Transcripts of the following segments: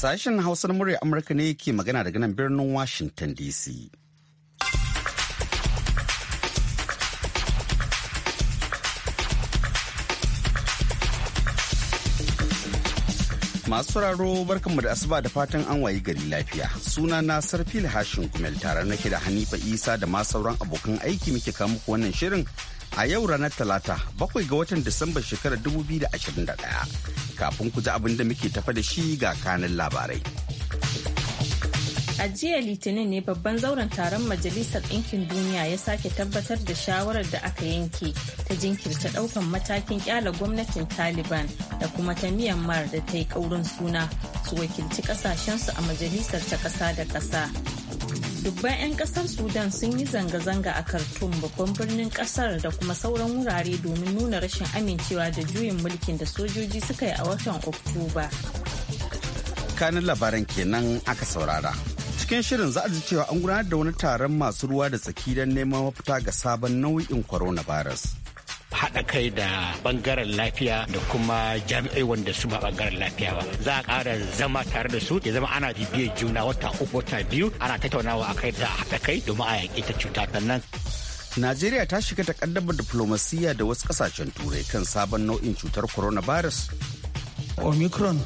Sashen Hausar murya Amurka ne ke magana daga nan birnin Washington DC. Masu raro barkanmu da asuba da fatan an wayi gari lafiya. Suna na Sarfil Hashin Kumel tare nake da Hanifa Isa da ma sauran abokan aiki muke kawo muku wannan shirin a yau ranar Talata bakwai ga watan Disamba shekarar 2021. kafin ku ji abin da muke tafa da shi ga kanin labarai. A jiya Litinin ne babban zauren taron Majalisar Ɗinkin Duniya ya sake tabbatar da shawarar da aka yanke ta jinkirta ɗaukan matakin kyala gwamnatin Taliban da kuma ta Myanmar da ta yi ƙaurin suna su wakilci ƙasashensu a majalisar ta ƙasa da ƙasa. dubban 'yan kasar sudan sun yi zanga-zanga a khartoum babban birnin kasar da kuma sauran wurare domin nuna rashin amincewa da juyin mulkin da sojoji suka yi a watan oktoba kanin labaran kenan aka saurara cikin shirin za a ji cewa an gudanar da wani taron masu ruwa da tsaki don neman mafita ga sabon nau'in coronavirus haɗa kai da bangaren lafiya da kuma jami'ai wanda su ba bangaren lafiya ba za a ƙara zama tare da su ya zama ana bibiyar juna wata uku wata biyu ana tattaunawa a kai da haɗa kai domin a yaƙi ta cuta sannan Najeriya ta shiga ta ƙaddamar diflomasiyya da wasu ƙasashen turai kan sabon nau'in cutar coronavirus. Omicron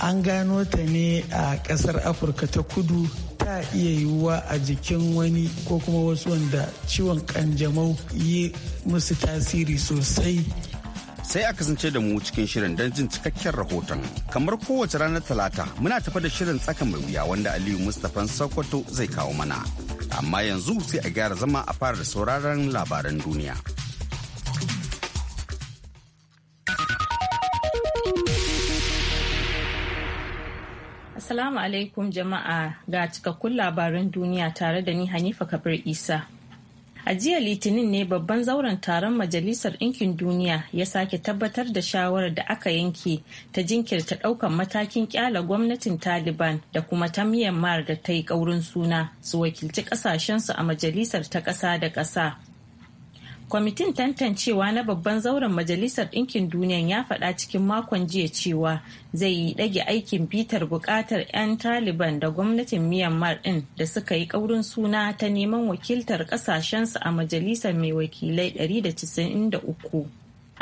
an gano ta ne a ƙasar Afirka ta kudu ta iya yiwuwa a jikin wani ko kuma wasu wanda ciwon kanjamau yi musu tasiri sosai sai a kasance da mu cikin shirin don jin cikakken rahoton kamar kowace ranar talata muna tafa da shirin tsaka mai wuya wanda aliyu mustapha sokoto zai kawo mana amma yanzu sai a gyara zama a fara da sauraron labaran duniya. Assalamu alaikum jama'a ga cikakkun labaran duniya tare da ni Hanifa Kabir Isa. A jiya Litinin ne babban zauren taron Majalisar Ɗinkin Duniya ya sake tabbatar da shawarar da aka yanke ta jinkirta ɗaukan matakin kyala gwamnatin Taliban da kuma ta Myanmar da ta yi ƙaurin suna su wakilci ƙasashensu a majalisar ta ƙasa da ƙasa. kwamitin tantancewa na babban zauren majalisar ɗinkin duniya ya faɗa cikin makon jiya cewa zai yi ɗage aikin bitar buƙatar 'yan taliban da gwamnatin myanmar ɗin da suka yi ƙaurin suna ta neman wakiltar ƙasashensu a majalisar mai wakilai 193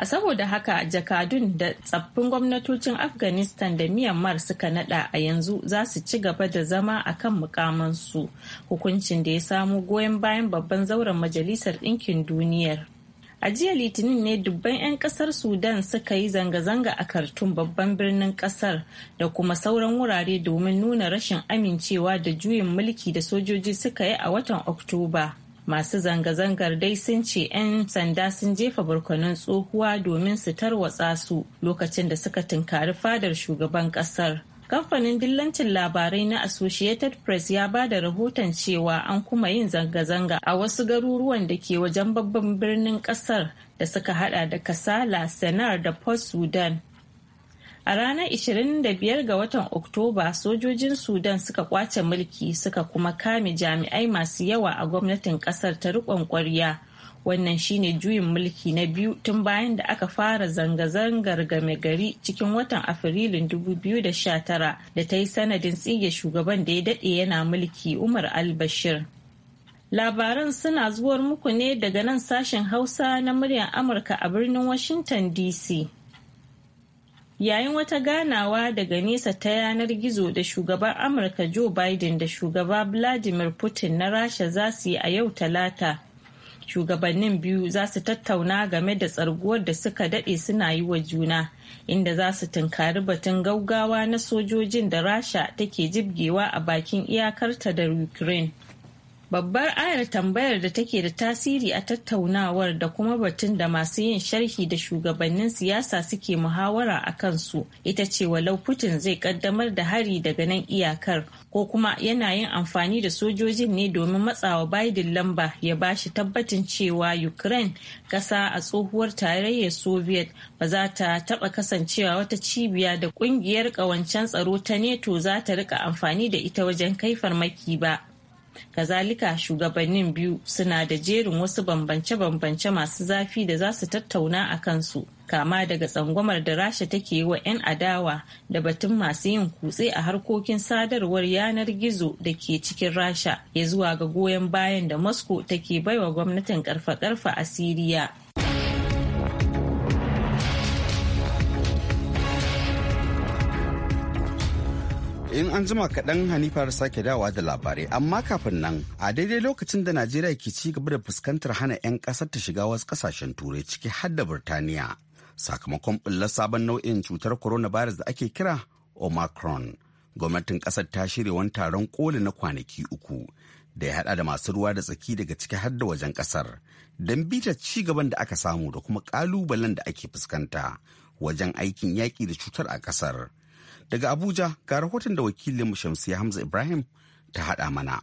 a saboda haka jakadun da tsaffin gwamnatocin afghanistan da myanmar suka nada a yanzu za su ci gaba da zama a kan mukamansu hukuncin da ya samu goyon bayan babban zauren majalisar ɗinkin duniyar a jiya litinin ne dubban 'yan kasar sudan suka yi zanga-zanga a kartun babban birnin kasar da kuma sauran wurare domin nuna rashin amincewa da juyin mulki da sojoji suka yi a watan oktoba masu zanga-zangar dai sun ce 'yan sanda sun jefa barkwanin tsohuwa domin su tarwatsa su lokacin da suka tunkari fadar shugaban kasar kamfanin dillancin labarai na associated press ya ba da rahoton cewa an kuma yin zanga-zanga a wasu garuruwan da ke wajen babban birnin kasar da suka hada da kasala sanar da port sudan A ranar 25 ga watan Oktoba sojojin Sudan suka kwace mulki suka kuma kame jami'ai masu yawa a gwamnatin kasar ta riƙon ƙwarya. Wannan shine juyin mulki na biyu tun bayan da aka fara zanga-zangar game gari cikin watan Afrilun 2019 da ta yi sanadin tsige shugaban da ya daɗe yana mulki Umar al-Bashir. Labaran suna zuwar muku ne daga nan sashen Hausa na muryar Amurka a birnin Washington DC. yayin wata ganawa daga nesa ta yanar gizo da shugaban amurka joe biden da shugaba vladimir putin na rasha za su yi a yau talata shugabannin biyu za su tattauna game da tsarguwar da suka daɗe suna yi wa juna inda za su tunkari batun gaugawa na sojojin da rasha take jibgewa a bakin iyakarta da ukraine babbar ayar tambayar da take da tasiri a tattaunawar da kuma batun da masu yin sharhi da shugabannin siyasa suke muhawara a kansu ita ce walau putin zai kaddamar da hari daga nan iyakar ko kuma yana yin amfani da sojojin ne domin matsawa biden lamba ya bashi tabbacin cewa ukraine kasa a tsohuwar tarayyar soviet ba za ta taɓa kasancewa wata cibiya da ƙungiyar ƙawancen tsaro ta neto za ta rika amfani da ita wajen kai farmaki ba kazalika shugabannin biyu suna da jerin wasu bambance-bambance masu zafi da za su tattauna a kansu kama daga tsangwamar da rasha take yi wa 'yan adawa da batun masu yin kutse a harkokin sadarwar yanar gizo da ke cikin rasha ya zuwa ga goyon bayan da moscow take baiwa gwamnatin karfa-karfa a siriya an jima kaɗan hanifar sake dawa da labarai amma kafin nan a daidai lokacin da najeriya ke ci gaba da fuskantar hana 'yan ƙasar ta shiga wasu ƙasashen turai ciki har da birtaniya sakamakon ɓullar sabon nau'in cutar corona coronavirus da ake kira omicron gwamnatin ƙasar ta shirya wani taron koli na kwanaki uku da ya haɗa da masu ruwa da tsaki daga ciki har da wajen ƙasar don bita ci gaban da aka samu da kuma ƙalubalen da ake fuskanta wajen aikin yaƙi da cutar a ƙasar. Daga Abuja ga rahoton da wakilin Shamsiya Hamza Ibrahim ta haɗa mana.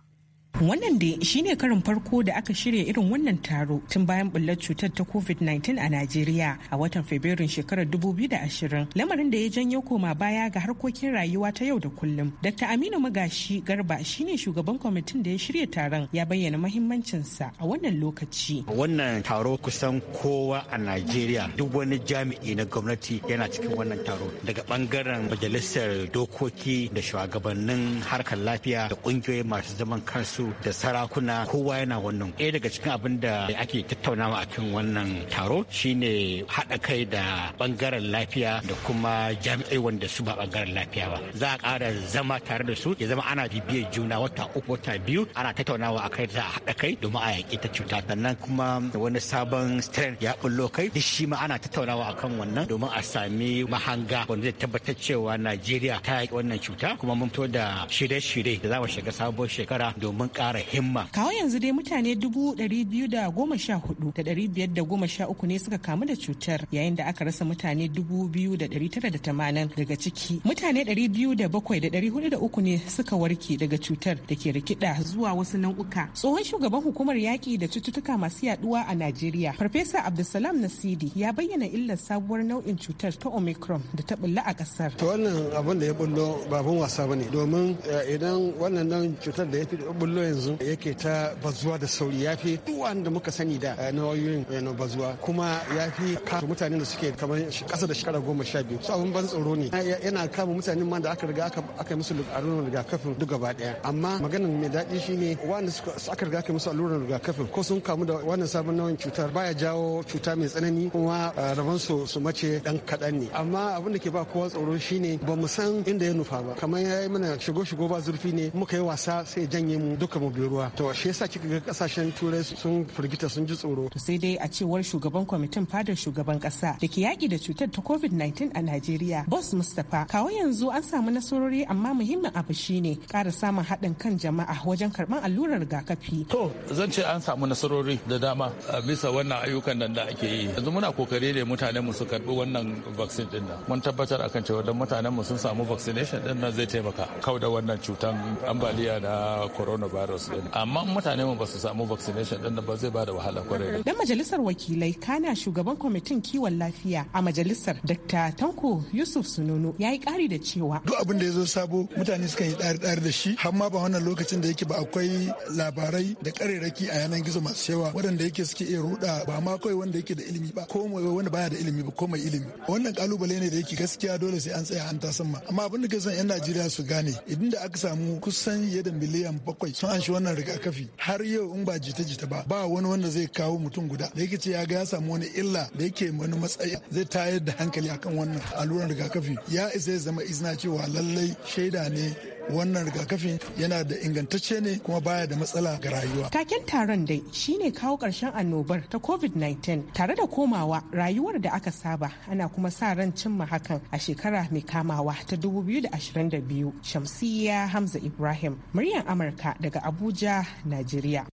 Wannan dai shine karin farko da aka shirya irin wannan taro tun bayan bullar cutar ta COVID-19 a Najeriya a watan Fabrairun shekarar 2020, lamarin da ya janyo koma baya ga harkokin rayuwa ta yau da kullum. Dr. Aminu Magashi Garba shine shugaban kwamitin da ya shirya taron ya bayyana mahimmancinsa a wannan lokaci. Wannan taro kusan kowa a Najeriya duk wani jami'i na gwamnati yana cikin wannan taro daga bangaren majalisar dokoki da shugabannin harkar lafiya da kungiyoyi masu zaman kansu da sarakuna kowa yana wannan. Ɗaya daga cikin abin da ake tattaunawa a kan wannan taro shine haɗa kai da bangaren lafiya da kuma jami'ai wanda su ba bangaren lafiya ba. Za a ƙara zama tare da su ya zama ana bibiyar juna wata uku wata biyu ana tattaunawa a kai za a haɗa kai domin a yaƙi ta cuta. Sannan kuma wani sabon strain ya ɓullo kai duk shi ma ana tattaunawa kan wannan domin a sami mahanga wanda zai tabbatar cewa Najeriya ta yaƙi wannan cuta kuma mun fito da shirye-shirye da za mu shiga sabuwar shekara domin don ƙara himma. Kawo yanzu dai mutane dubu ɗari biyu da goma sha hudu da ɗari biyar da goma sha uku ne suka kamu da cutar yayin da aka rasa mutane dubu biyu da ɗari tara da tamanin daga ciki. Mutane ɗari biyu da bakwai da ɗari hudu da uku ne suka warke daga cutar da ke rikida zuwa wasu nau'uka. Tsohon shugaban hukumar yaƙi da cututtuka masu yaduwa a Najeriya, Farfesa Abdulsalam Nasidi ya bayyana illar sabuwar nau'in cutar ta Omicron da ta bulla a ƙasar. wannan abin da ya bullo babun wasa bane domin eh, idan wannan cutar da ya fi bullo kwallo yanzu yake ta bazuwa da sauri ya fi duk da muka sani da eh, na wayoyin eh, na bazuwa kuma ya fi kama mutane da suke kamar kasa da shekara goma sha biyu su abin ban tsoro ne yana kama mutane ma da aka riga aka yi musu allurar rigakafin duk gaba daya amma maganin mai daɗi shine wanda aka riga aka yi musu allurar rigakafin ko sun kamu da wannan sabon nauyin cutar baya jawo cuta mai tsanani kuma eh, rabon su su mace dan kaɗan ne amma abin da ke ba kowa tsoro shine ba mu san inda ya nufa ba kamar ya yi mana shigo shigo ba zurfi ne muka yi wasa sai janye mu duka mu ruwa to shi yasa kika ga kasashen turai sun firgita sun ji tsoro to sai dai a cewar shugaban kwamitin fadar shugaban kasa da ke yaki da cutar ta covid-19 a Najeriya boss Mustapha kawo yanzu an samu nasarori amma muhimmin abu shine kara samun haɗin kan jama'a wajen karɓar allurar rigakafi to zan ce an samu nasarori da dama bisa wannan ayyukan nan da ake yi yanzu muna kokari ne mutanen mu su karɓi wannan vaccine din nan mun tabbatar akan cewa dan mutanen mu sun samu vaccination din nan zai taimaka kau da wannan cutar ambaliya na coronavirus virus din amma mutane mu ba su samu vaccination din ba zai bada wahala kwarai dan majalisar wakilai kana shugaban kwamitin kiwon lafiya a majalisar dr tanko yusuf Sununu ya yi kari da cewa duk abin da ya zo sabo mutane suka yi dari dari da shi amma ba wannan lokacin da yake ba akwai labarai da kareraki a yanan gizo masu yawa waɗanda yake suke iya ruda ba ma kawai wanda yake da ilimi ba ko mai wanda baya da ilimi ba ko mai ilimi wannan kalubale ne da yake gaskiya dole sai an tsaya an tasamma amma abin da ke son yan najeriya su gane idan da aka samu kusan yadda miliyan bakwai sun an shi wannan rigakafi har yau in ba jita-jita ba ba wani wanda zai kawo mutum guda da yake ce ya ga ya samu wani illa da yake wani matsayi zai tayar da hankali akan wannan alluran rigakafi ya isa ya zama izina cewa lallai shaida ne wannan rigakafin yana da ingantacce ne kuma baya da matsala ga rayuwa. Taken taron dai shine kawo ƙarshen annobar ta COVID-19 tare da komawa rayuwar da aka saba ana kuma sa ran cimma hakan a shekara mai kamawa ta 2022. Shamsiyya Hamza Ibrahim, muryar Amurka daga Abuja, Najeriya.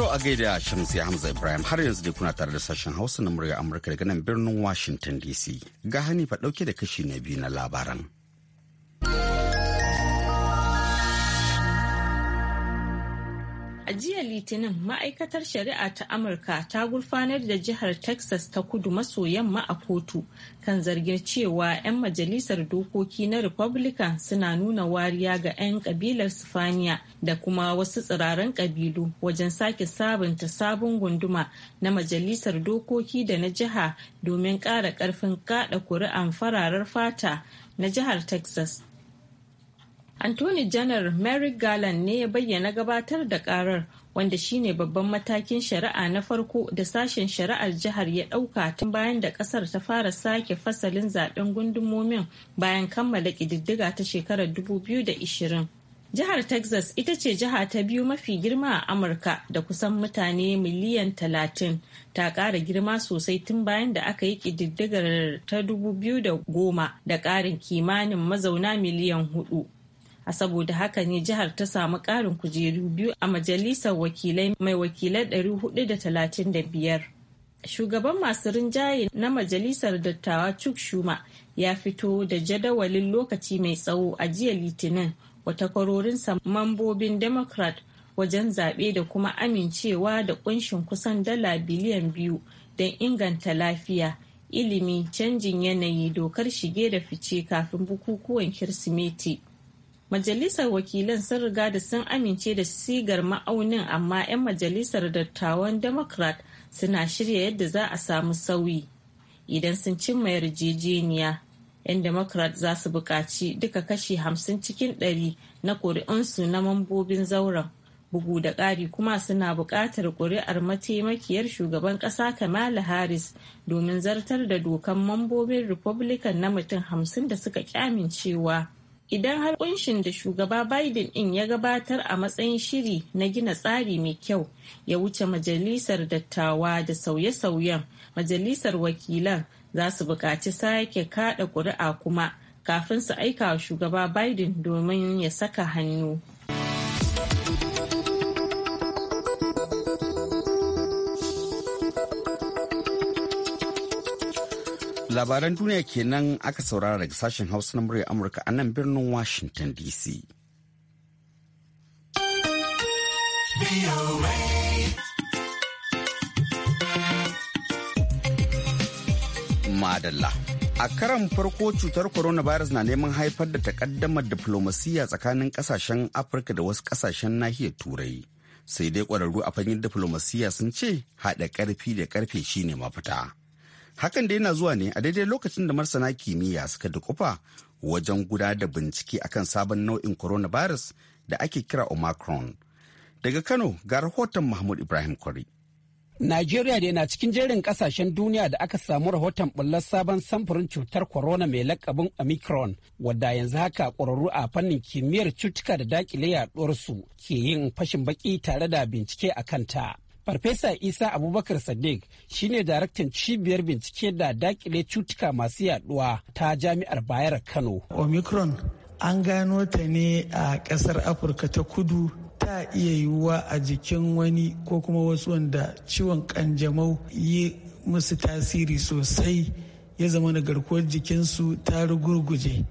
To a gaida Shamsi Hamza Ibrahim har yanzu dai kuna tare da sashen Hausa na murya Amurka daga nan birnin Washington DC. Ga hani fa dauke da kashi na biyu na labaran. jiya Litinin ma'aikatar shari'a ta Amurka ta gurfanar da jihar Texas ta kudu maso yamma a kotu kan zargin cewa 'yan majalisar dokoki na Republican suna nuna wariya ga 'yan kabilar Sifaniya da kuma wasu tsiraran kabilu wajen sake sabunta sabon gunduma na majalisar dokoki da na jiha domin ƙara ƙarfin kaɗa kuri'an fararar fata na jihar Texas Anthony Janar Merrick Garland ne ya bayyana gabatar da karar wanda shine babban matakin shari'a na farko da sashen shari'ar jihar ya ɗauka tun bayan da ƙasar ta fara sake fasalin zaben gundumomin bayan kammala ƙididdiga ta shekarar 2020. Jihar Texas ita ce jiha ta biyu mafi girma a Amurka da kusan mutane miliyan talatin ta ƙara girma sosai tun bayan da aka yi ƙididdigar ta dubu biyu da goma da ƙarin kimanin mazauna miliyan hudu. a saboda haka ne jihar ta samu ƙarin kujeru biyu a majalisar wakilai mai wakilai 435 shugaban masu rinjaye na majalisar dattawa chuk shuma ya fito da jadawalin lokaci mai tsawo a jiya litinin wata kwarorinsa mambobin democrat wajen zaɓe da kuma amincewa da kunshin kusan dala biliyan biyu don inganta lafiya ilimi canjin yanayi dokar shige da fice kafin bukukuwan kirsimeti Majalisar wakilan sun riga da sun amince da sigar ma'aunin amma 'yan majalisar dattawan Democrat suna shirya yadda za a samu sauyi. Idan sun cimma yarjejeniya, 'yan Democrat za su bukaci duka kashi 50 cikin ɗari na ƙuri'unsu na mambobin zauren. bugu da ƙari kuma suna buƙatar ƙuri'ar mataimakiyar shugaban ƙasa kamala harris domin zartar da dokan mambobin republican na mutum hamsin da suka kyamin cewa idan har kunshin da shugaba biden din ya gabatar a matsayin shiri na gina tsari mai kyau ya wuce majalisar dattawa da sauye-sauyen majalisar wakilan za su buƙaci sake kada ƙuri'a kuma kafin su aika wa shugaba biden domin ya saka hannu Labaran duniya kenan aka saurara daga sashen Hausa na murya Amurka a nan birnin Washington DC. Madalla. A karan farko cutar coronavirus na neman haifar da takaddamar diflomasiyya tsakanin kasashen Afirka da wasu kasashen nahiyar Turai. Sai dai ƙwararru a fannin diplomasiya sun ce haɗa ƙarfi da ƙarfe shine mafita. Hakan da yana zuwa ne a daidai lokacin da masana kimiyya suka da kufa wajen guda da bincike akan sabon nau'in coronavirus da ake kira Omicron. Daga Kano ga rahoton Mahmud Ibrahim Kwari. Najeriya da yana cikin jerin kasashen duniya da aka samu rahoton bullar sabon samfurin cutar corona mai lakabin Omicron, wadda yanzu haka ƙwararru a fannin kimiyyar cutuka da dakile yaɗuwarsu ke yin fashin baki tare da bincike a kanta. Farfesa Isa Abubakar Sadiq shine daraktan cibiyar bincike da dakile cutuka masu yaduwa ta jami'ar Bayar Kano. Omicron an gano ta ne a ƙasar Afirka ta kudu ta iya yiwuwa a jikin wani ko kuma wasu wanda ciwon kanjamau yi musu tasiri sosai ya zama na garkuwar jikinsu ta rugurguje.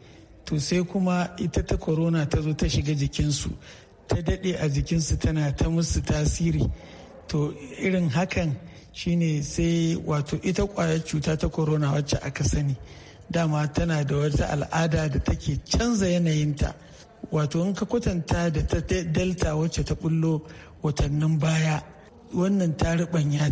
To sai kuma ita ta korona ta zo ta shiga jikinsu ta daɗe a jikinsu tana ta musu tasiri. to irin hakan shine sai wato ita kwayar cuta ta corona wacce aka sani dama tana da wata al'ada da take canza yanayinta wato in ka kwatanta da ta delta wacce ta bullo watannin baya wannan ta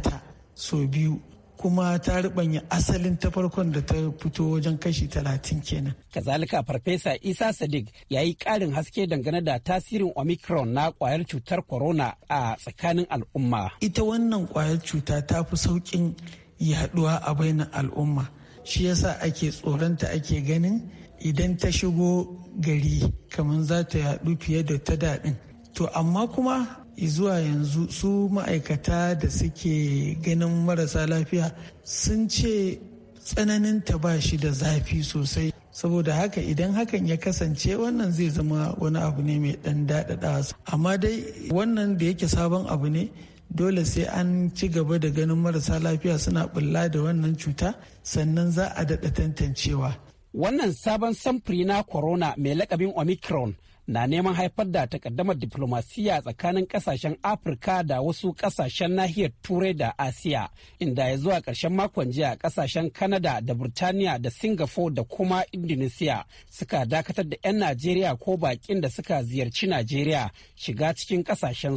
ta sau biyu kuma ta ruɓanya asalin ta farkon da ta fito wajen kashi talatin kenan. Kazalika Farfesa Isa Sadiq ya yi ƙarin haske dangane da tasirin Omicron na kwayar cutar corona a tsakanin al'umma. Ita wannan kwayar cuta ta fi sauƙin yaduwa a bainar al'umma. Shi yasa ake tsoronta ake ganin idan ta shigo gari kamar za ta yadu fiye da ta daɗin. To amma kuma zuwa yanzu su ma'aikata da suke ganin marasa lafiya sun ce tsananin ta ba shi da zafi sosai saboda haka idan hakan ya kasance wannan zai zama wani abu ne mai dan daɗaɗa amma dai wannan da yake sabon abu ne dole sai an ci gaba da ganin marasa lafiya suna bulla da wannan cuta sannan za a daɗa tantancewa. Wannan sabon samfuri na corona mai lakabin Omicron na neman haifar da takaddamar diplomasiya tsakanin kasashen afirka da wasu kasashen nahiyar turai da asiya inda ya zuwa ƙarshen makon jiya kasashen Kanada da burtaniya da singapore da kuma indonesia suka dakatar da 'yan najeriya ko baƙin da suka ziyarci najeriya shiga cikin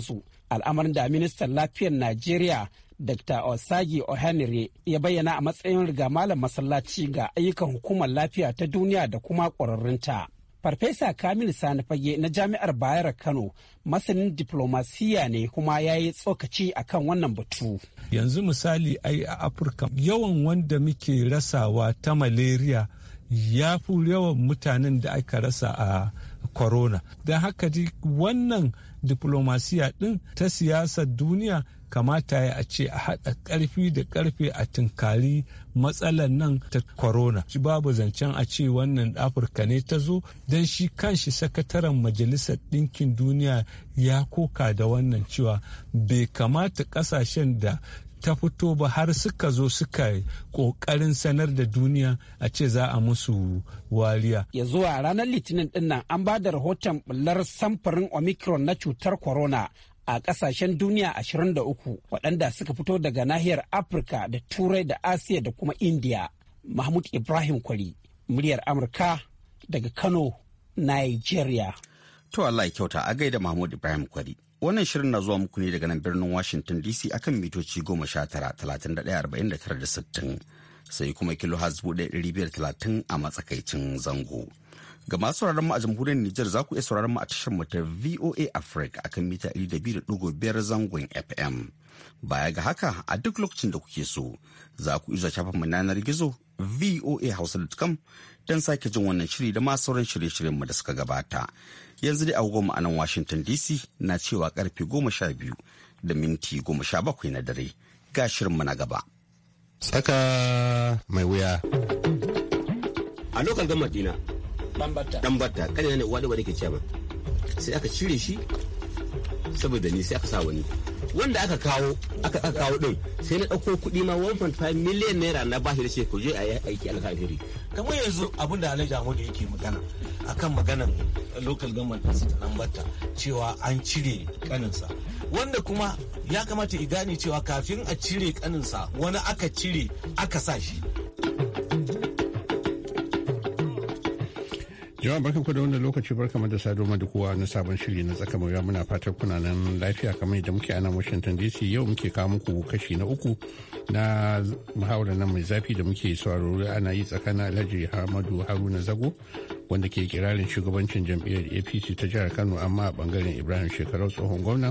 su al'amarin da ministan lafiyar najeriya Dr. Osagi Ohanire ya bayyana a matsayin riga malam masallaci ga ayyukan hukumar lafiya ta duniya da kuma ƙwararrunta. Farfesa Kamil Sani Fage na Jami'ar Bayero Kano masanin diplomasiya ne kuma ya yi tsokaci a kan wannan batu. Yanzu misali ai a Afirka yawan wanda muke rasawa ta malaria ya fi yawan mutanen da aka rasa a corona. Don haka wannan diplomasiya ɗin ta siyasar duniya kamata ya a ce a haɗa ƙarfi da ƙarfe a tunkari matsalar nan ta corona shi babu zancen a ce wannan afirka ne ta zo don shi kanshi sakataren majalisar ɗinkin duniya ya koka da wannan cewa bai kamata ƙasashen da ta fito ba har suka zo suka kokarin sanar da duniya a ce za a musu wariya. Ya zuwa ranar litinin dinnan an ba da rahoton bullar samfurin omicron na cutar corona a ƙasashen duniya 23 waɗanda suka fito daga nahiyar Afirka da Turai da Asiya da kuma Indiya. Mahmud Ibrahim Kwari, muryar Amurka daga Kano, Nigeria. To Allah ya kyauta a gaida Mahmud Ibrahim Kwari. Wannan shirin na zuwa muku ne daga nan birnin Washington DC akan mitoci goma sha tara talatin da ɗaya arba'in da tara da sittin sai kuma kilo hasbu buɗe ɗari biyar talatin a matsakaicin zango. Ga masu sauraron mu a jamhuriyar Nijar za ku iya sauraron mu a tashar mu ta VOA Africa a kan mita 200.5 zangon FM. Baya ga haka a duk lokacin da kuke so za ku iya zuwa mu yanar gizo voahausa.com don sake jin wannan shiri da ma sauran shirye-shiryen mu da suka gabata. Yanzu dai agogo mu a nan Washington DC na cewa karfe 12 da minti 17 na dare. Ga shirin mu na gaba. Saka mai wuya. A lokal gama dina dan batta kan ne uwa da ke ciyama sai aka cire shi saboda ni sai aka sa wani wanda aka kawo aka aka kawo din sai na dauko kuɗi ma 1.5 miliyan naira na bashi da ce je a yi aiki alkhairi kamar yanzu abinda da Alhaji Ahmad yake magana akan maganan local government nan batta cewa an cire kaninsa wanda kuma ya kamata i gane cewa kafin a cire kaninsa wani aka cire aka sa shi Yawa barkan ku da wannan lokaci barkan da sado da kowa na sabon shiri na tsaka mai muna fatar kuna nan lafiya kamar yadda muke a nan Washington DC yau muke kawo muku kashi na uku na muhawarar nan mai zafi da muke sauraro ana yi tsakanin Alhaji Hamadu Haruna Zago wanda ke kirarin shugabancin jam'iyyar APC ta jihar Kano amma a bangaren Ibrahim Shekarau tsohon gwamna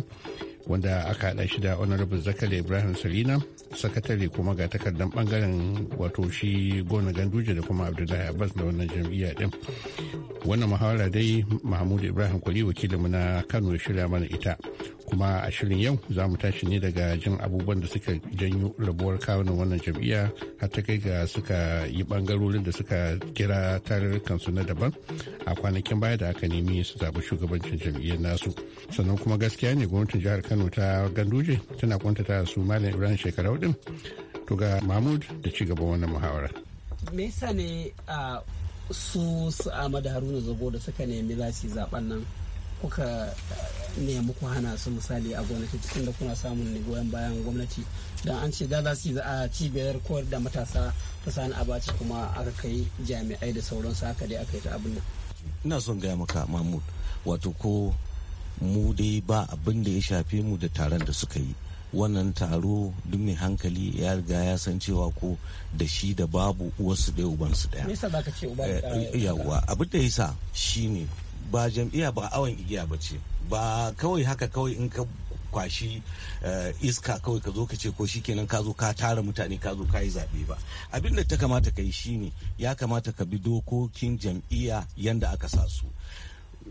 wanda aka haɗa shi da honorable zakari ibrahim salina sakatare kuma ga takardar bangaren wato shi gona ganduje da kuma abdullahi abbas da wannan jam'iyya din wannan muhawara dai mahmud ibrahim kwali wakilinmu na kano ya shirya mana ita kuma a shirin yau za mu tashi ne daga jin abubuwan da suka janyo rabuwar kawunan wannan jam'iyya har ta kai ga suka yi bangarorin da suka kira tarurrukansu na daban a kwanakin baya da aka nemi su zaɓi shugabancin jam'iyyar nasu sannan kuma gaskiya ne gwamnatin jihar kano ta ganduje tana kwantata su malam ibrahim shekara din to ga mahmud da ci gaban wannan muhawara me yasa ne ah, su su amada haruna zago da suka nemi za su yi zaben nan kuka eh, nemi ku hana su misali a gwamnati cikin da kuna samun goyon bayan gwamnati don an ce za su yi a cibiyar koyar da matasa ta sani a abaci kuma aka kai jami'ai da sauran su haka dai aka yi ta abin nan ina son gaya maka mahmud wato ko mu dai ba abin da ya shafe mu da taron da suka yi wannan taro duk mai hankali ya riga ya san cewa ko da shi da babu uwarsu ɗaya ɗaya. za ka ce uba da eh, Yawwa abin da ya sa shi ne ba jam'iyya ba awon igiya ba ce ba kawai haka kawai in ka kwashi eh, iska kawai ka zo ka ce ko shikenan ka zo ka tara mutane ka zo ka yi zaɓe ba abin da ta kamata ka yi shine ya kamata ka bi dokokin jam'iyya yanda aka sa su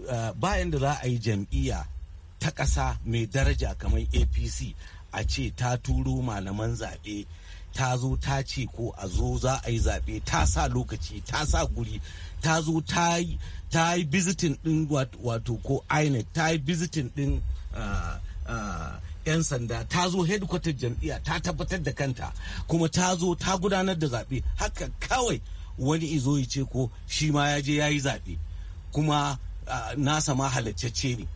eh, bayan da za a yi jam'iyya ta ƙasa mai daraja kamar apc a ce ta turo malaman zaɓe ta zo ta ce ko a zo za a yi zaɓe ta sa lokaci ta sa guri ta zo ta yi ta yi bizitin ɗin wato ko INEC ta yi bizitin ɗin ah, ah, 'yan sanda ta zo hedikwatar jam'iya ta tabbatar da kanta kuma ta zo ta gudanar da zaɓe haka kawai wani izo ya ce ko shi ma ya je ya yi zaɓe kuma ah, nasa ma halaccece ne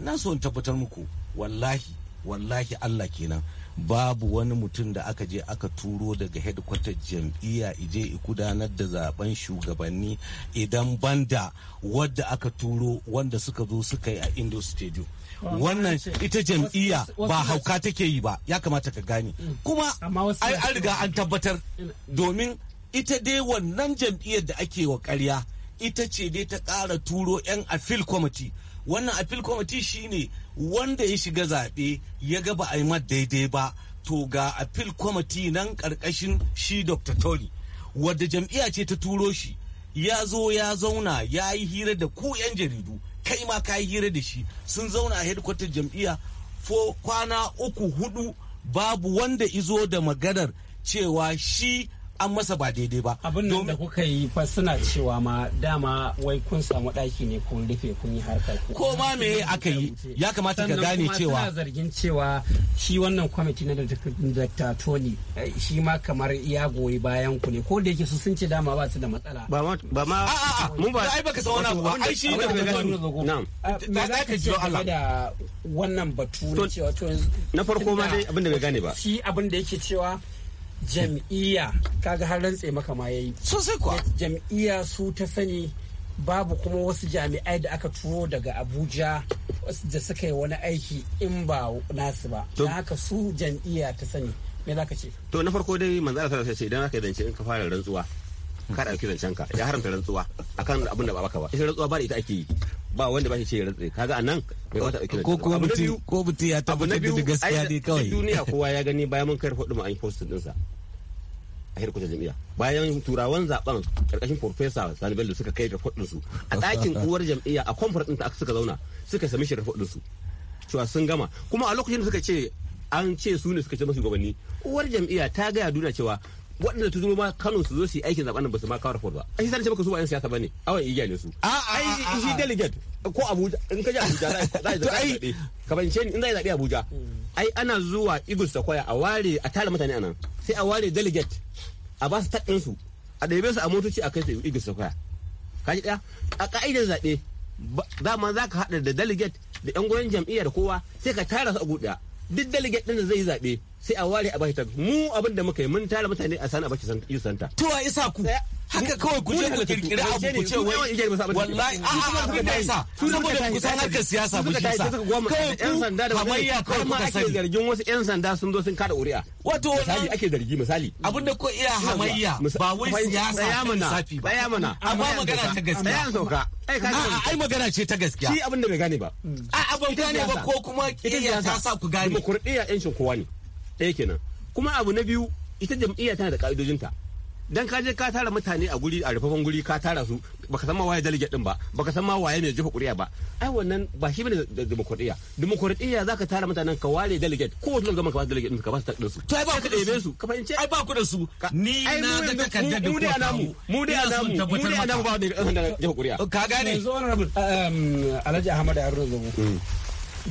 na so in tabbatar muku wallahi wallahi Allah kenan babu wani mutum da aka je aka turo daga hedkwatar jam'iyya ije gudanar da zaben shugabanni idan banda wadda aka turo wanda suka zo suka yi a indo stadium wannan ita jam'iyya ba hauka take yi ba ya kamata ka gane mm. kuma ai an riga an tabbatar domin ita dai wannan jam'iyyar da ake wa karya ita ce dai ta ƙara turo 'yan afil kwamiti wannan appeal committee shine wanda ya shiga zaɓe ya ga ba a yi daidai ba to ga appeal committee nan ƙarƙashin shi dr tony wadda jam'iyya ce ta turo shi ya zo ya zauna ya yi hira da ku 'yan jaridu kai ma ka yi hira da shi sun zauna a hedkwatar jam'iyya fo kwana uku hudu babu wanda izo da maganar cewa shi an masa ba daidai ba. Abin nan da kuka yi fa suna cewa ma dama wai kun samu ɗaki ne kun rufe kun yi harka. Ko ma me aka yi ya kamata ka gane cewa. Sannan zargin cewa shi wannan kwamiti na Dr. Tony eh, shi ma kamar ya goyi bayan ku ne ko da yake su sun ce dama ba su da matsala. Ba ma ba ma. mun ba ai baka san wani abu ai shi da Dr. Tony. Na'am. Eh, me za ka ji Allah da wannan batu na cewa to Na farko ma dai abin da bai gane ba. Shi abin da yake cewa jam'iyya kaga har rantse maka ma yayi sosai kuwa jam'iyya su ta sani babu kuma wasu jami'ai da aka turo daga abuja da suka yi wani aiki in ba nasu ba don haka su jam'iyya ta sani me za ka ce to na farko dai manzara ta ce idan aka yi zance in ka fara rantsuwa ka ɗauki zancen ka ya haramta rantsuwa akan abin da ba baka ba ita rantsuwa ba da ita ake yi ba wanda ba shi ce rantsi kaga anan bai wata ɗauki ko ko mutum ko mutum ya tabbatar da gaskiya dai kawai duniya kowa ya gani bayan mun kai rahoton an yi postin sa a hirkutar jami'a bayan turawan zaben karkashin profesa sani bello suka kai rafadin su a ɗakin uwar jam'iyya a kwamfar ɗinta suka zauna suka sami shirya rafadin su cewa sun gama kuma a lokacin da suka ce an ce su ne suka ce masu gwamnati uwar jam'iyya ta gaya duniya cewa waɗanda ta zuma Kano su zo su yi aikin zaɓen ba su ma kawo rahoto ba. Ai sai ce baka su ba 'yan siyasa bane. Awan igiya ne su. Ai shi delegate ko abuja in ka je abuja za a zaɓe ka bance in za a zaɓe abuja hmm. ai ana zuwa igus da kwaya a ware a tara mutane anan sai a ware delegate a ba su taɗin a ɗebe su a motoci a kai su igus da kwaya ka ji ɗaya a ka'idar zaɓe ma za ka haɗa da delegate da 'yan goyon jam'iyyar kowa sai ka tara su a guɗa duk delegate ɗin da zai yi zaɓe sai a ware a bashi ta mu abin da muka yi mun tara mutane a sani a bashi yi santa to a isa ku haka kawai ku je ku kirkiri abu ku ce wai wallahi a a abin da yasa saboda ku san harkar siyasa mu shi sa kawai ku hamayya kawai ku ake zargin wasu yan sanda sun zo sun kada uri'a wato misali ake zargi misali abinda ko iya hamayya ba wai siyasa safi ba ya mana amma magana ta gaskiya ya sauka ai magana ce ta gaskiya shi abin da bai gane ba a abin gane ba ko kuma iya ta sa ku gane kurdiya yancin kowa ne ɗaya kenan kuma abu na biyu ita jam'iyya tana da ka'idojinta dan ka je ka tara mutane a guri a rufaffen guri ka tara su baka san ma waye delegate din ba baka san ma waye mai jefa kuri'a ba ai wannan ba shi bane demokradiyya demokradiyya zaka tara mutanen ka ware delegate ko wani zaman ka ba delegate ka ba su takdin su to ai ba ku da su ka fahimce ai ba ku da su ni na da takaddar da ku namu mu da namu mu da namu ba da jefa kuri'a ka gane yanzu wannan um, Alhaji Ahmad Haruna Zabu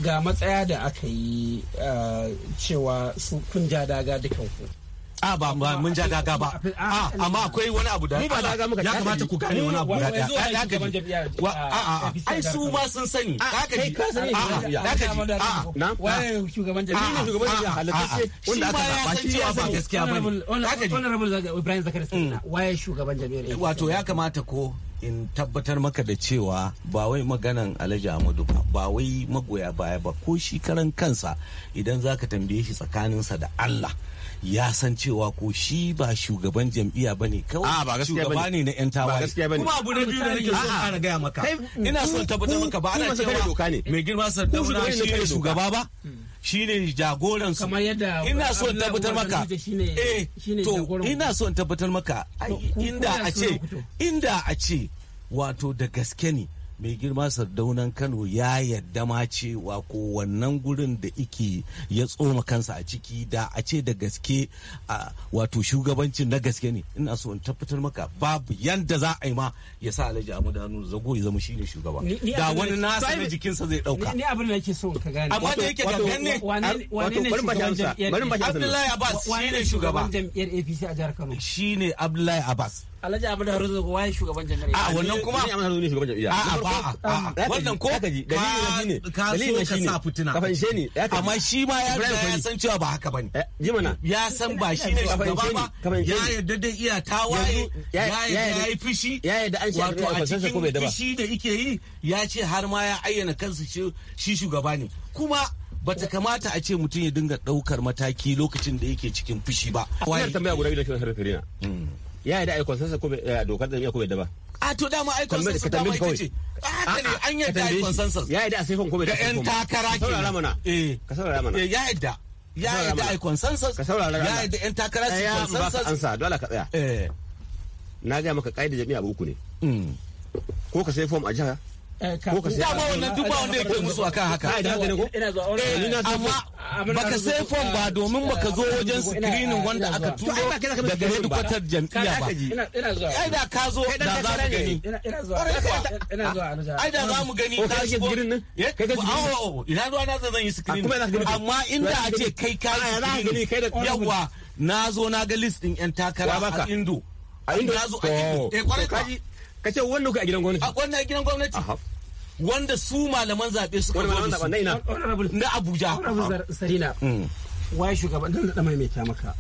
ga matsaya da aka yi eh, cewa kun ja daga dukanku a ah, ba mun ja daga ba a ah, amma akwai wani abu da ya kamata ku gane wani abu da ya a ai su ma sun sani ya gaji a ya gaji a na waye shugaban jami'a shugaban jami'a halatta wanda aka zaba shi ya ba gaskiya honorable Ibrahim Zakari mm. shugaban jami'a wato ya kamata ko in tabbatar maka da cewa ba wai maganan alhaji amadu ba ba wai magoya baya ba ko shi karan kansa idan za ka tambaye shi tsakaninsa da allah ya san cewa ko shi ba shugaban jam'iyya ba ne kawai ah, shugaba ne na 'yan tawaye kuma abu na biyu da nake so kara gaya maka ina son tabbatar maka ba ana cewa mai girma sardauna shi ne shugaba ba hmm. shine jagoran su kamar yadda ina so in tabbatar maka eh to ina so in tabbatar maka inda a ce inda a ce wato da gaske ne mai girma sardaunan kano ya yadda ma cewa ko wannan gurin da iki ya tsoma kansa a ciki da a ce da gaske a wato shugabancin na gaske ne ina so in tabbatar maka babu yanda za a yi ma ya sa alhaji amadu hannu zago ya zama shine shugaba da wani nasa na jikinsa zai dauka ni abin da nake so ka gane amma da yake gangan ne wane ne shugaban jam'iyyar Abdullahi Abbas shine shugaba jam'iyyar APC a jihar Kano shine Abdullahi Abbas Alhaji Ahmad Haruna ko waye shugaban jami'a. A wannan kuma Alhaji Ahmad Haruna ne shugaban jami'a. A ba ah, wannan ko ka ji dalilin ka ji dalilin shi ne. Ka fanshe ni. Amma shi ma ya ya san cewa ba haka bane. Eh, ji mana. Ya san ba shi ne shugaba ba. Ya yarda da iya tawaye. Ya yarda yi fishi. Ya yarda an shi wato a cikin fishi da yake yi ya ce har ma ya ayyana kansa shi shugaba ne. Kuma bata kamata a ce mutum ya dinga daukar mataki lokacin da yake cikin fushi ba. Ina tambaya guda biyu da kiran Karina. Hmm. ya yi da aikon sansa ko eh, dokar da ya ko yadda ba a to dama aikon sansa ta ita ce haka ne an yadda aikon sansa ya yi da a ko bai da yan takara ke saurara mana eh. ka saurara mana eh, ya yadda ya da aikon sansa ka saurara ya yadda yan takara su aikon sansa an sa dole ka tsaya na ga maka kaida jami'a ba uku ne mm. ko ka sai form a jiha Eh, dama wannan duk ba wanda yake musu akan haka eh, amma baka sai fom ba domin baka zo wajen screening wanda aka turo daga hedikwatar jam'iyya ba ai da ka zo da za mu gani ai da za mu gani ka shigo eh, ina zuwa na zan yi ah, screening amma inda a ce kai ka ah, yi yawa na zo na ga list yan takara a indo a indo na zo a indo oh. ka ce wannan a gidan gwamnati wannan a gidan gwamnati wanda su malaman zaɓe suka zo da su na Abuja. Sarina, mm. waye shugaban, dan da mai mai maka.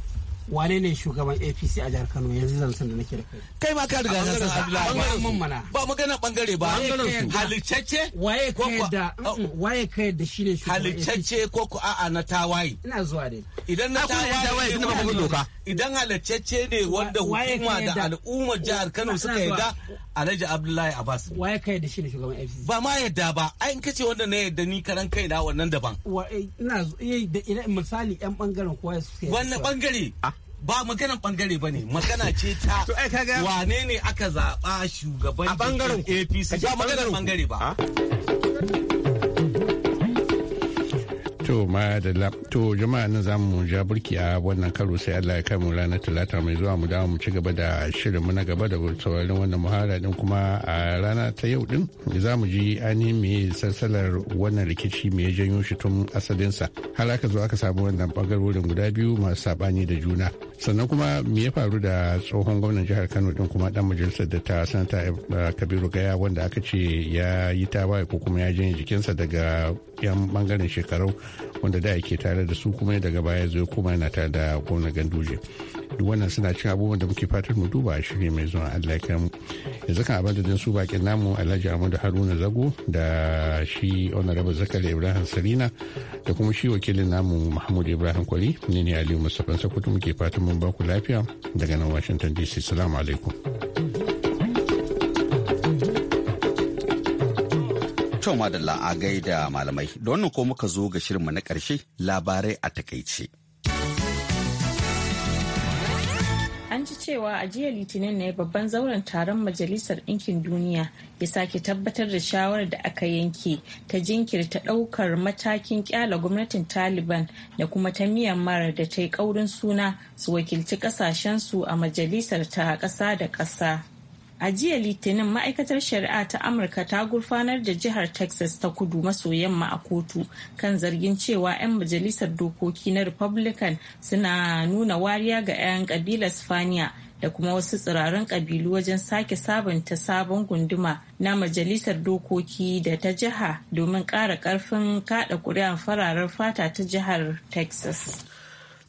wane ne shugaban apc a jihar kano yanzu san da nake da kai kai ma ka riga na san bangaren mun mana ba magana bangare ba bangaren su halicacce waye kai da oh. waye kai da shine shugaban halicacce ko ko a'a na tawaye ina zuwa dai idan na tawaye ina ba mun doka idan halicacce ne wanda hukuma da al'ummar jihar Kano suka yarda Alhaji Abdullahi Abbas waye kai da shine shugaban APC ba ma yarda ba ai in kace wanda na yarda ni karan kai na wannan daban eh, eh, ina misali yan bangaren kowa su wannan bangare ba maganan bangare ba ne magana ce ta wane ne aka zaɓa shugaban a bangaren apc ba maganan bangare ba To ma da to jama'a nan za mu ja burki a wannan karo sai Allah ya kai mu ranar talata mai zuwa mu dawo mu ci gaba da shirinmu na gaba da sauraron wannan muhara din kuma a rana ta yau din za mu ji ani me sassalar wannan rikici me janyo shi tun asalinsa har aka zo aka samu wannan bangarorin guda biyu masu sabani da juna sannan kuma me ya faru da tsohon gwamnan jihar kano din kuma dan majalisar da ta sanata eh, kabiru gaya wanda aka ce ya yi tawaye ko kuma ya janye jikinsa daga yan bangaren shekaru wanda da yake tare da su kuma daga baya zai kuma yana tare da gwamnan ganduje duk wannan suna cin abubuwan da muke fatar mu duba a shirye mai zuwa allah ya mu yanzu kan abadadin su bakin namu alhaji ahmadu haruna zago da shi honorable zakari ibrahim sarina da kuma shi wakilin namu mahmud ibrahim kwari ne ne aliyu musamman sakutu muke fatan mun ku lafiya daga nan washington dc salamu alaikum Cewa da a gaida malamai, da wannan ko muka zo ga shirinmu na ƙarshe labarai a takaice. ji cewa a jiya litinin ne babban zauren taron majalisar ɗinkin duniya ya sake tabbatar da shawarar da aka yanke ta jinkirta ɗaukar matakin kyala gwamnatin taliban da kuma ta miyamar da ta yi ƙaurin suna su wakilci ƙasashensu a majalisar ta ƙasa da ƙasa A jiya Litinin ma'aikatar shari'a ta Amurka ta gurfanar da jihar Texas ta kudu maso yamma a kotu kan zargin cewa 'yan majalisar dokoki na Republican suna nuna wariya ga 'yan kabilar Sifaniya da kuma wasu tsirarin kabilu wajen sake sabunta sabon gunduma na majalisar dokoki da ta jiha domin ƙara ƙarfin kaɗa ƙuri'an fararen fata ta jihar Texas.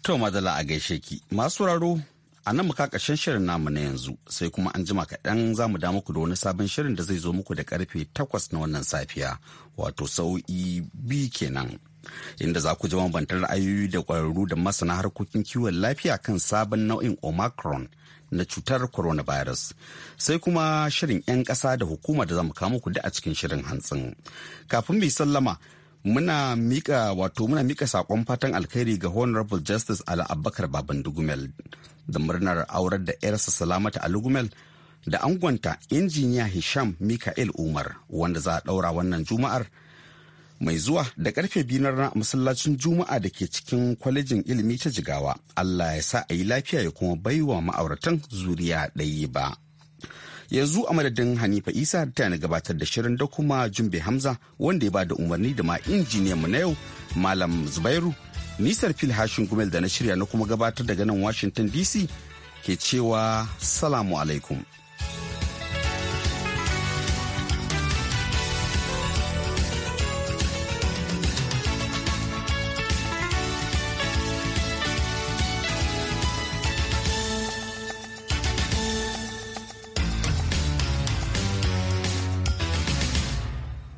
To madala a gaishe ki masu raro A nan muka ƙarshen shirin namu na yanzu sai kuma an jima kaɗan za mu da muku da wani sabon shirin da zai zo muku da karfe takwas na wannan safiya wato sau'i biyu kenan. Inda za ku ji bantar ra'ayoyi da ƙwararru da masana harkokin kiwon lafiya kan sabon nau'in Omicron na cutar coronavirus. Sai kuma shirin 'yan ƙasa da hukuma da za mu kawo ku da a cikin shirin hantsin. Kafin mai sallama muna mika wato muna mika sakon fatan alkhairi ga honorable justice ala abakar baban dugumel da murnar aurar da yarsa salamata alugumel da angonta injiniya hisham mikael umar wanda za a daura wannan juma'ar mai zuwa da karfe biyu na masallacin juma'a da ke cikin kwalejin ilimi ta jigawa allah ya sa a yi lafiya ya kuma baiwa ma'auratan zuriya ɗaya ba yanzu a madadin hanifa isa ta na gabatar da shirin da kuma jumbe hamza wanda ya ba da umarni da ma injiniyan mu na yau malam zubairu nisar fil hashin gumel da na shirya na kuma gabatar daga nan washington dc ke cewa salamu alaikum